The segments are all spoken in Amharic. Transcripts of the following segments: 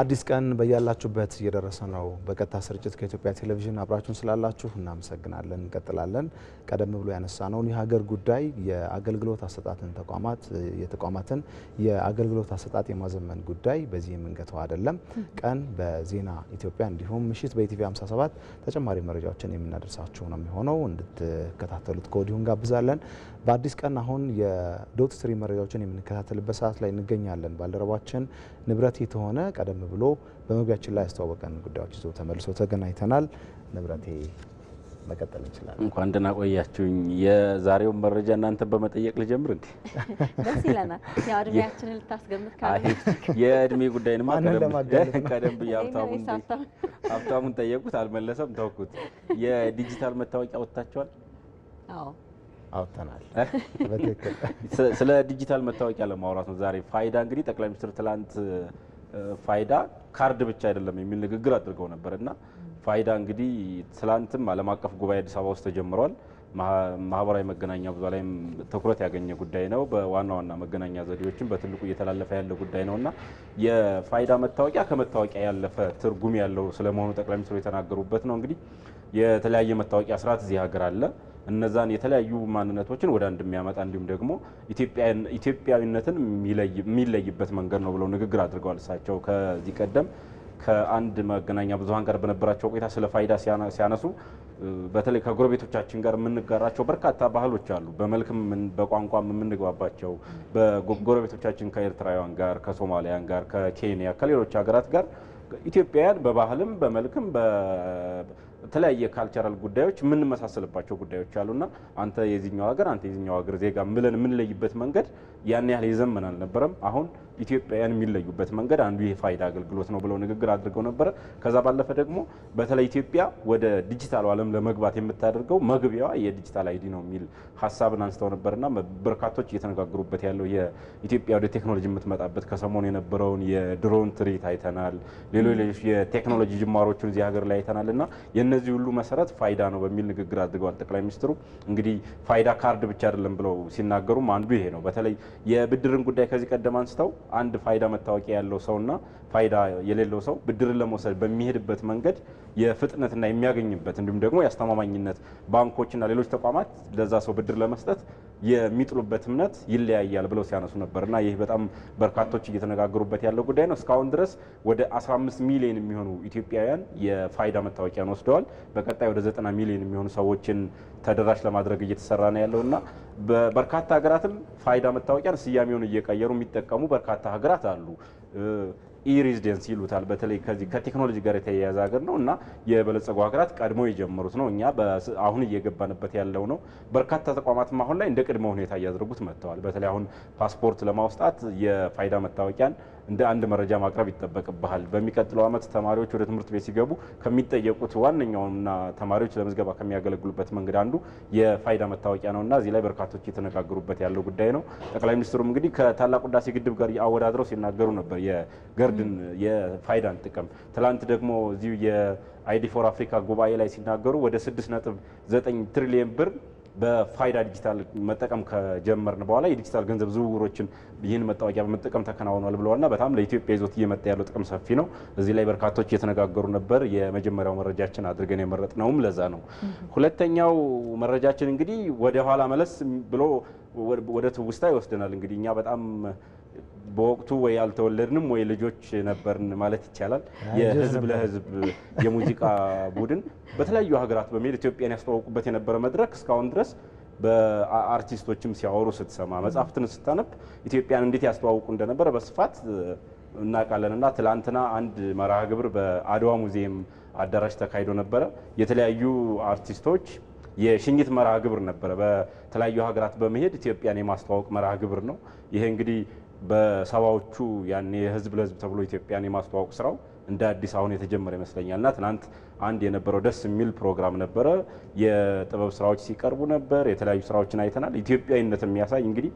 አዲስ ቀን በያላችሁበት እየደረሰ ነው። በቀጥታ ስርጭት ከኢትዮጵያ ቴሌቪዥን አብራችሁን ስላላችሁ እናመሰግናለን። እንቀጥላለን። ቀደም ብሎ ያነሳነውን የሀገር ጉዳይ የአገልግሎት አሰጣትን ተቋማት የተቋማትን የአገልግሎት አሰጣት የማዘመን ጉዳይ በዚህ የምንገተው አይደለም። ቀን በዜና ኢትዮጵያ እንዲሁም ምሽት በኢቲቪ 57 ተጨማሪ መረጃዎችን የምናደርሳችሁ ነው የሚሆነው። እንድትከታተሉት ከወዲሁ እንጋብዛለን። በአዲስ ቀን አሁን የዶት ስትሪም መረጃዎችን የምንከታተልበት ሰዓት ላይ እንገኛለን። ባልደረባችን ንብረት የተሆነ ቀደም ቀደም ብሎ በመግቢያችን ላይ ያስተዋወቀን ጉዳዮች ይዞ ተመልሶ ተገናኝተናል። ንብረቴ መቀጠል እንችላለን። እንኳን ደህና ቆያችሁኝ። የዛሬውን መረጃ እናንተ በመጠየቅ ልጀምር። እንዲ የእድሜ ጉዳይ ቀደም ብዬ ሀብታሙን ጠየቁት፣ አልመለሰም፣ ተውኩት። የዲጂታል መታወቂያ ወጥታችኋል? አውጥተናል። ስለ ዲጂታል መታወቂያ ለማውራት ነው ዛሬ ፋይዳ። እንግዲህ ጠቅላይ ሚኒስትር ትላንት ፋይዳ ካርድ ብቻ አይደለም የሚል ንግግር አድርገው ነበር እና ፋይዳ እንግዲህ ትላንትም ዓለም አቀፍ ጉባኤ አዲስ አበባ ውስጥ ተጀምሯል። ማህበራዊ መገናኛ ብዙ ላይም ትኩረት ያገኘ ጉዳይ ነው። በዋና ዋና መገናኛ ዘዴዎችም በትልቁ እየተላለፈ ያለ ጉዳይ ነው እና የፋይዳ መታወቂያ ከመታወቂያ ያለፈ ትርጉም ያለው ስለመሆኑ ጠቅላይ ሚኒስትሩ የተናገሩበት ነው። እንግዲህ የተለያየ መታወቂያ ስርዓት እዚህ ሀገር አለ። እነዛን የተለያዩ ማንነቶችን ወደ አንድ የሚያመጣ እንዲሁም ደግሞ ኢትዮጵያዊነትን የሚለይበት መንገድ ነው ብለው ንግግር አድርገዋል። እሳቸው ከዚህ ቀደም ከአንድ መገናኛ ብዙኃን ጋር በነበራቸው ቆይታ ስለ ፋይዳ ሲያነሱ በተለይ ከጎረቤቶቻችን ጋር የምንጋራቸው በርካታ ባህሎች አሉ። በመልክም በቋንቋም የምንግባባቸው በጎረቤቶቻችን ከኤርትራውያን ጋር፣ ከሶማሊያን ጋር፣ ከኬንያ ከሌሎች ሀገራት ጋር ኢትዮጵያውያን በባህልም በመልክም የተለያየ ካልቸራል ጉዳዮች የምንመሳሰልባቸው ጉዳዮች አሉና አንተ የዚህኛው ሀገር አንተ የዚኛው ሀገር ዜጋ ብለን የምንለይበት መንገድ ያን ያህል የዘመን አልነበረም። አሁን ኢትዮጵያውያን የሚለዩበት መንገድ አንዱ የፋይዳ አገልግሎት ነው ብለው ንግግር አድርገው ነበረ። ከዛ ባለፈ ደግሞ በተለይ ኢትዮጵያ ወደ ዲጂታል ዓለም ለመግባት የምታደርገው መግቢያዋ የዲጂታል አይዲ ነው የሚል ሀሳብን አንስተው ነበርና በርካቶች እየተነጋገሩበት ያለው የኢትዮጵያ ወደ ቴክኖሎጂ የምትመጣበት ከሰሞኑ የነበረውን የድሮን ትርኢት አይተናል። ሌሎች ሌሎች የቴክኖሎጂ ጅማሮችን እዚህ ሀገር ላይ አይተናል እና የእነዚህ ሁሉ መሰረት ፋይዳ ነው በሚል ንግግር አድርገዋል ጠቅላይ ሚኒስትሩ። እንግዲህ ፋይዳ ካርድ ብቻ አይደለም ብለው ሲናገሩም አንዱ ይሄ ነው። በተለይ የብድርን ጉዳይ ከዚህ ቀደም አንስተው አንድ ፋይዳ መታወቂያ ያለው ሰውና ፋይዳ የሌለው ሰው ብድርን ለመውሰድ በሚሄድበት መንገድ የፍጥነትና የሚያገኝበት እንዲሁም ደግሞ የአስተማማኝነት ባንኮችና ሌሎች ተቋማት ለዛ ሰው ብድር ለመስጠት የሚጥሉበት እምነት ይለያያል ብለው ሲያነሱ ነበር እና ይህ በጣም በርካቶች እየተነጋገሩበት ያለው ጉዳይ ነው። እስካሁን ድረስ ወደ 15 ሚሊዮን የሚሆኑ ኢትዮጵያውያን የፋይዳ መታወቂያን ወስደዋል። በቀጣይ ወደ 90 ሚሊዮን የሚሆኑ ሰዎችን ተደራሽ ለማድረግ እየተሰራ ነው ያለው እና በርካታ ሀገራትም ፋይዳ መታወቂያን ስያሜውን እየቀየሩ የሚጠቀሙ በርካታ ሀገራት አሉ። ኢሬዚደንስ ይሉታል። በተለይ ከዚህ ከቴክኖሎጂ ጋር የተያያዘ ሀገር ነው እና የበለጸጉ ሀገራት ቀድሞ የጀመሩት ነው። እኛ አሁን እየገባንበት ያለው ነው። በርካታ ተቋማትም አሁን ላይ እንደ ቅድመ ሁኔታ እያደረጉት መጥተዋል። በተለይ አሁን ፓስፖርት ለማውጣት የፋይዳ መታወቂያን እንደ አንድ መረጃ ማቅረብ ይጠበቅብሃል። በሚቀጥለው ዓመት ተማሪዎች ወደ ትምህርት ቤት ሲገቡ ከሚጠየቁት ዋነኛውና ተማሪዎች ለምዝገባ ከሚያገለግሉበት መንገድ አንዱ የፋይዳ መታወቂያ ነውና እዚህ ላይ በርካቶች የተነጋገሩበት ያለው ጉዳይ ነው። ጠቅላይ ሚኒስትሩም እንግዲህ ከታላቁ ህዳሴ ግድብ ጋር አወዳድረው ሲናገሩ ነበር የገርድን የፋይዳን ጥቅም። ትላንት ደግሞ እዚሁ የአይዲ ፎር አፍሪካ ጉባኤ ላይ ሲናገሩ ወደ 6.9 ትሪሊየን ብር በፋይዳ ዲጂታል መጠቀም ከጀመርን በኋላ የዲጂታል ገንዘብ ዝውውሮችን ይህን መታወቂያ በመጠቀም ተከናውኗል ብለዋልና በጣም ለኢትዮጵያ ይዞት እየመጣ ያለው ጥቅም ሰፊ ነው። እዚህ ላይ በርካቶች እየተነጋገሩ ነበር። የመጀመሪያው መረጃችን አድርገን የመረጥነውም ለዛ ነው። ሁለተኛው መረጃችን እንግዲህ ወደ ኋላ መለስ ብሎ ወደ ትውስታ ይወስደናል። እንግዲህ እኛ በጣም በወቅቱ ወይ አልተወለድንም ወይ ልጆች ነበርን ማለት ይቻላል። የህዝብ ለህዝብ የሙዚቃ ቡድን በተለያዩ ሀገራት በመሄድ ኢትዮጵያን ያስተዋውቁበት የነበረ መድረክ እስካሁን ድረስ በአርቲስቶችም ሲያወሩ ስትሰማ መጽሐፍትን ስታነብ ኢትዮጵያን እንዴት ያስተዋውቁ እንደነበረ በስፋት እናውቃለን እና ትላንትና አንድ መርሃ ግብር በአድዋ ሙዚየም አዳራሽ ተካሂዶ ነበረ። የተለያዩ አርቲስቶች የሽኝት መርሃ ግብር ነበረ። በተለያዩ ሀገራት በመሄድ ኢትዮጵያን የማስተዋወቅ መርሃ ግብር ነው። ይሄ እንግዲህ በሰባዎቹ ያኔ የህዝብ ለህዝብ ተብሎ ኢትዮጵያን የማስተዋወቅ ስራው እንደ አዲስ አሁን የተጀመረ ይመስለኛልና ትናንት አንድ የነበረው ደስ የሚል ፕሮግራም ነበረ። የጥበብ ስራዎች ሲቀርቡ ነበር። የተለያዩ ስራዎችን አይተናል። ኢትዮጵያዊነት የሚያሳይ እንግዲህ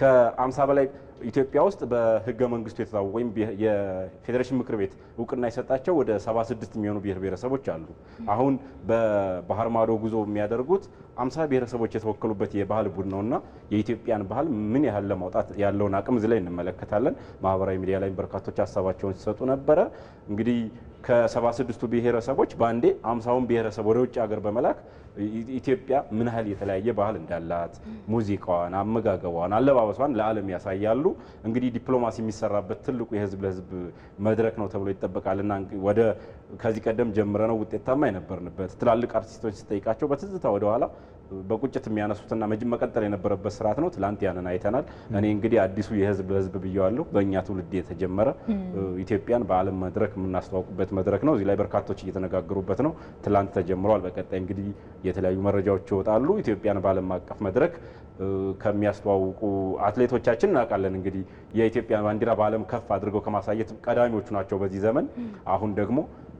ከአምሳ በላይ ኢትዮጵያ ውስጥ በህገ መንግስቱ የተታወቁ ወይም የፌዴሬሽን ምክር ቤት እውቅና የሰጣቸው ወደ 76 የሚሆኑ ብሔር ብሔረሰቦች አሉ። አሁን በባህር ማዶ ጉዞ የሚያደርጉት 50 ብሔረሰቦች የተወከሉበት የባህል ቡድን ነውና የኢትዮጵያን ባህል ምን ያህል ለማውጣት ያለውን አቅም እዚህ ላይ እንመለከታለን። ማህበራዊ ሚዲያ ላይ በርካቶች ሀሳባቸውን ሲሰጡ ነበረ። እንግዲህ ከ76ቱ ብሔረሰቦች በአንዴ 50ውን ብሔረሰብ ወደ ውጭ ሀገር በመላክ ኢትዮጵያ ምን ያህል የተለያየ ባህል እንዳላት ሙዚቃዋን፣ አመጋገቧን፣ አለባበሷን ለዓለም ያሳያሉ። እንግዲህ ዲፕሎማሲ የሚሰራበት ትልቁ የህዝብ ለህዝብ መድረክ ነው ተብሎ ይጠበቃልና ወደ ከዚህ ቀደም ጀምረ ነው ውጤታማ የነበርንበት ትላልቅ አርቲስቶች ስጠይቃቸው በትዝታ ወደኋላ በቁጭት የሚያነሱትና መጅ መቀጠል የነበረበት ስርዓት ነው። ትላንት ያንን አይተናል። እኔ እንግዲህ አዲሱ የህዝብ ለህዝብ ብያዋለሁ። በእኛ ትውልድ የተጀመረ ኢትዮጵያን በዓለም መድረክ የምናስተዋውቁበት መድረክ ነው። እዚህ ላይ በርካቶች እየተነጋገሩበት ነው። ትላንት ተጀምሯል። በቀጣይ እንግዲህ የተለያዩ መረጃዎች ይወጣሉ። ኢትዮጵያን በዓለም አቀፍ መድረክ ከሚያስተዋውቁ አትሌቶቻችን እናውቃለን። እንግዲህ የኢትዮጵያ ባንዲራ በዓለም ከፍ አድርገው ከማሳየት ቀዳሚዎቹ ናቸው በዚህ ዘመን አሁን ደግሞ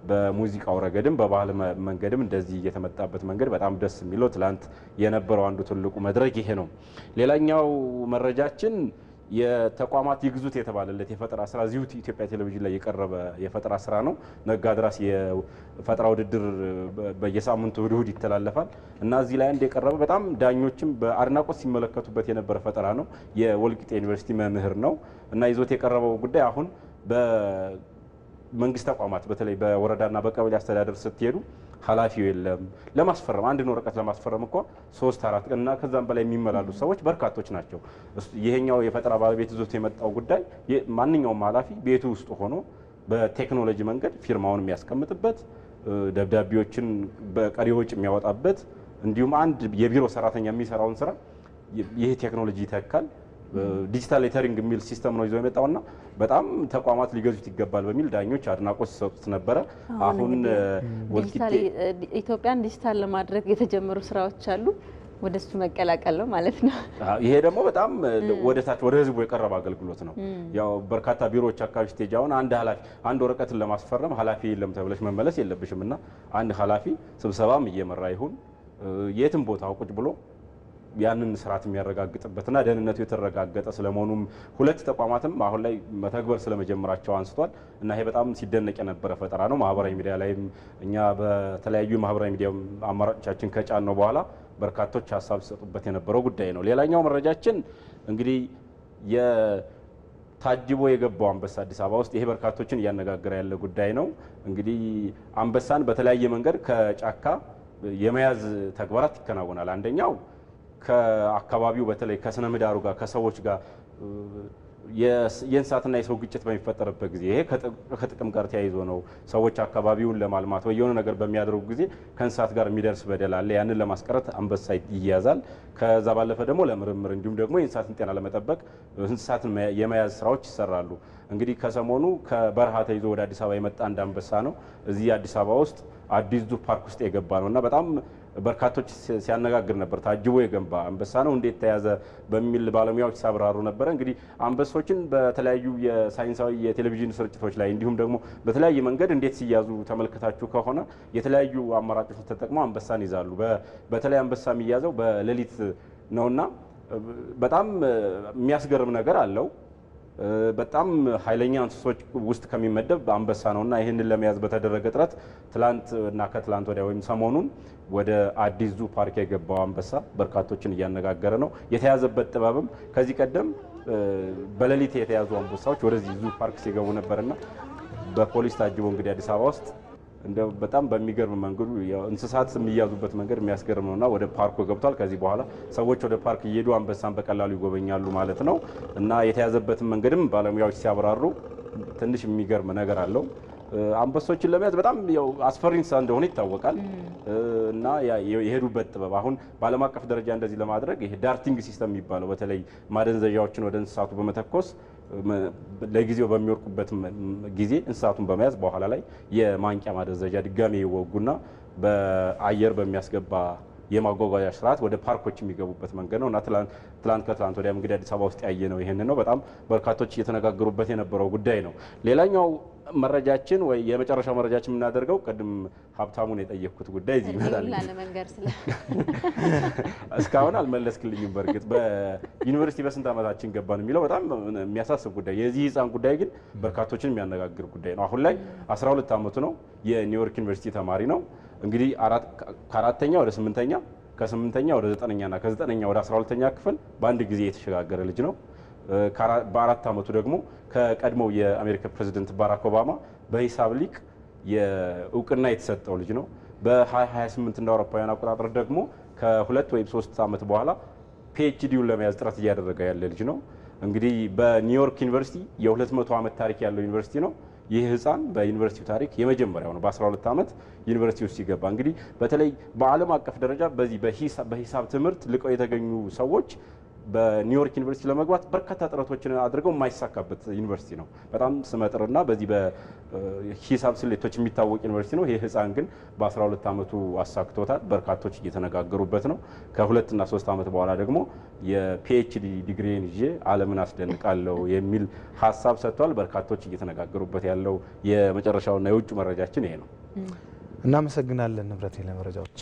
በሙዚቃው ረገድም በባህል መንገድም እንደዚህ የተመጣበት መንገድ በጣም ደስ የሚለው ትላንት የነበረው አንዱ ትልቁ መድረክ ይሄ ነው። ሌላኛው መረጃችን የተቋማት ይግዙት የተባለለት የፈጠራ ስራ እዚሁ ኢትዮጵያ ቴሌቪዥን ላይ የቀረበ የፈጠራ ስራ ነው። ነጋድራስ የፈጠራ ውድድር በየሳምንቱ እሁድ እሁድ ይተላለፋል እና እዚህ ላይ አንድ የቀረበ በጣም ዳኞችም በአድናቆት ሲመለከቱበት የነበረ ፈጠራ ነው። የወልቂጤ ዩኒቨርሲቲ መምህር ነው እና ይዞት የቀረበው ጉዳይ አሁን መንግስት ተቋማት በተለይ በወረዳና በቀበሌ አስተዳደር ስትሄዱ ኃላፊው የለም። ለማስፈረም አንድን ወረቀት ለማስፈረም እኮ ሶስት አራት ቀን እና ከዛም በላይ የሚመላሉ ሰዎች በርካቶች ናቸው። ይሄኛው የፈጠራ ባለቤት ይዞት የመጣው ጉዳይ ማንኛውም ኃላፊ ቤቱ ውስጥ ሆኖ በቴክኖሎጂ መንገድ ፊርማውን የሚያስቀምጥበት ደብዳቤዎችን በቀሪ ወጪ የሚያወጣበት እንዲሁም አንድ የቢሮ ሰራተኛ የሚሰራውን ስራ ይህ ቴክኖሎጂ ይተካል። ዲጂታል ሌተሪንግ የሚል ሲስተም ነው ይዞ የመጣው እና በጣም ተቋማት ሊገዙት ይገባል በሚል ዳኞች አድናቆት ሲሰጡት ነበረ። አሁን ኢትዮጵያን ዲጂታል ለማድረግ የተጀመሩ ስራዎች አሉ። ወደ እሱ መቀላቀል ነው ማለት ነው። ይሄ ደግሞ በጣም ወደ ታች ወደ ህዝቡ የቀረበ አገልግሎት ነው። ያው በርካታ ቢሮዎች አካባቢ ስቴጅ አሁን አንድ ኃላፊ አንድ ወረቀትን ለማስፈረም ኃላፊ የለም ተብለሽ መመለስ የለብሽም እና አንድ ኃላፊ ስብሰባም እየመራ ይሁን የትም ቦታ ቁጭ ብሎ ያንን ስርዓት የሚያረጋግጥበትና ደህንነቱ የተረጋገጠ ስለመሆኑም ሁለት ተቋማትም አሁን ላይ መተግበር ስለመጀመራቸው አንስቷል እና ይሄ በጣም ሲደነቅ የነበረ ፈጠራ ነው። ማህበራዊ ሚዲያ ላይም እኛ በተለያዩ ማህበራዊ ሚዲያ አማራጮቻችን ከጫን ነው በኋላ በርካቶች ሀሳብ ሲሰጡበት የነበረው ጉዳይ ነው። ሌላኛው መረጃችን እንግዲህ ታጅቦ የገባው አንበሳ አዲስ አበባ ውስጥ ይሄ በርካቶችን እያነጋገረ ያለ ጉዳይ ነው። እንግዲህ አንበሳን በተለያየ መንገድ ከጫካ የመያዝ ተግባራት ይከናወናል። አንደኛው ከአካባቢው በተለይ ከስነ ምህዳሩ ጋር ከሰዎች ጋር የእንስሳትና የሰው ግጭት በሚፈጠርበት ጊዜ ይሄ ከጥቅም ጋር ተያይዞ ነው። ሰዎች አካባቢውን ለማልማት ወይ የሆነ ነገር በሚያደርጉ ጊዜ ከእንስሳት ጋር የሚደርስ በደል አለ። ያንን ለማስቀረት አንበሳ ይያዛል። ከዛ ባለፈ ደግሞ ለምርምር እንዲሁም ደግሞ የእንስሳትን ጤና ለመጠበቅ እንስሳትን የመያዝ ስራዎች ይሰራሉ። እንግዲህ ከሰሞኑ ከበረሃ ተይዞ ወደ አዲስ አበባ የመጣ አንድ አንበሳ ነው እዚህ አዲስ አበባ ውስጥ አዲስ ዙ ፓርክ ውስጥ የገባ ነው እና በጣም በርካቶች ሲያነጋግር ነበር። ታጅቦ የገንባ አንበሳ ነው እንዴት ተያዘ በሚል ባለሙያዎች ሲያብራሩ ነበረ። እንግዲህ አንበሶችን በተለያዩ የሳይንሳዊ የቴሌቪዥን ስርጭቶች ላይ እንዲሁም ደግሞ በተለያየ መንገድ እንዴት ሲያዙ ተመልክታችሁ ከሆነ የተለያዩ አማራጮች ተጠቅመው አንበሳን ይዛሉ። በተለይ አንበሳ የሚያዘው በሌሊት ነውና በጣም የሚያስገርም ነገር አለው። በጣም ኃይለኛ እንስሶች ውስጥ ከሚመደብ አንበሳ ነውና ይህንን ለመያዝ በተደረገ ጥረት ትላንት እና ከትላንት ወዲያ ወይም ሰሞኑን ወደ አዲስ ዙ ፓርክ የገባው አንበሳ በርካቶችን እያነጋገረ ነው። የተያዘበት ጥበብም ከዚህ ቀደም በሌሊት የተያዙ አንበሳዎች ወደዚህ ዙ ፓርክ ሲገቡ ነበርና በፖሊስ ታጅቦ እንግዲህ አዲስ አበባ ውስጥ እንደ በጣም በሚገርም መንገዱ እንስሳት የሚያዙበት መንገድ የሚያስገርም ነውና ወደ ፓርኩ ገብቷል። ከዚህ በኋላ ሰዎች ወደ ፓርክ እየሄዱ አንበሳን በቀላሉ ይጎበኛሉ ማለት ነው እና የተያዘበትን መንገድም ባለሙያዎች ሲያብራሩ ትንሽ የሚገርም ነገር አለው። አንበሶችን ለመያዝ በጣም ያው አስፈሪ እንስሳ እንደሆነ ይታወቃል እና የሄዱበት ጥበብ አሁን በዓለም አቀፍ ደረጃ እንደዚህ ለማድረግ ይሄ ዳርቲንግ ሲስተም የሚባለው በተለይ ማደንዘዣዎችን ወደ እንስሳቱ በመተኮስ ለጊዜው በሚወርቁበት ጊዜ እንስሳቱን በመያዝ በኋላ ላይ የማንቂያ ማደንዘዣ ድጋሚ ይወጉና በአየር በሚያስገባ የማጓጓዣ ስርዓት ወደ ፓርኮች የሚገቡበት መንገድ ነው እና ትላንት ከትላንት ወዲያም እንግዲህ አዲስ አበባ ውስጥ ያየ ነው። ይህን ነው በጣም በርካቶች እየተነጋገሩበት የነበረው ጉዳይ ነው። ሌላኛው መረጃችን ወይ የመጨረሻው መረጃችን የምናደርገው ቅድም ሀብታሙን የጠየኩት ጉዳይ እዚህ ይመጣል። እስካሁን አልመለስክልኝም። በእርግጥ በዩኒቨርሲቲ በስንት ዓመታችን ገባን የሚለው በጣም የሚያሳስብ ጉዳይ፣ የዚህ ህፃን ጉዳይ ግን በርካቶችን የሚያነጋግር ጉዳይ ነው። አሁን ላይ 12 ዓመቱ ነው። የኒውዮርክ ዩኒቨርሲቲ ተማሪ ነው። እንግዲህ ከአራተኛ ወደ ስምንተኛ ከስምንተኛ ወደ ዘጠነኛና ከዘጠነኛ ወደ 12ተኛ ክፍል በአንድ ጊዜ የተሸጋገረ ልጅ ነው። በአራት ዓመቱ ደግሞ ከቀድሞው የአሜሪካ ፕሬዚደንት ባራክ ኦባማ በሂሳብ ሊቅ የእውቅና የተሰጠው ልጅ ነው። በ2028 እንደ አውሮፓውያን አቆጣጠር ደግሞ ከሁለት ወይም ሶስት ዓመት በኋላ ፒኤችዲውን ለመያዝ ጥረት እያደረገ ያለ ልጅ ነው። እንግዲህ በኒውዮርክ ዩኒቨርሲቲ የ200 ዓመት ታሪክ ያለው ዩኒቨርሲቲ ነው። ይህ ህፃን በዩኒቨርሲቲው ታሪክ የመጀመሪያው ነው። በ12 ዓመት ዩኒቨርሲቲ ውስጥ ሲገባ እንግዲህ በተለይ በዓለም አቀፍ ደረጃ በዚህ በሂሳብ ትምህርት ልቀው የተገኙ ሰዎች በኒውዮርክ ዩኒቨርሲቲ ለመግባት በርካታ ጥረቶችን አድርገው የማይሳካበት ዩኒቨርሲቲ ነው። በጣም ስመጥርና በዚህ በሂሳብ ስሌቶች የሚታወቅ ዩኒቨርሲቲ ነው። ይህ ህፃን ግን በ12 ዓመቱ አሳክቶታል። በርካቶች እየተነጋገሩበት ነው። ከሁለትና ሶስት ዓመት በኋላ ደግሞ የፒኤችዲ ዲግሪን ይዤ ዓለምን አስደንቃለሁ የሚል ሀሳብ ሰጥቷል። በርካቶች እየተነጋገሩበት ያለው የመጨረሻውና የውጭ መረጃችን ይሄ ነው። እናመሰግናለን ንብረቴ ለመረጃዎች።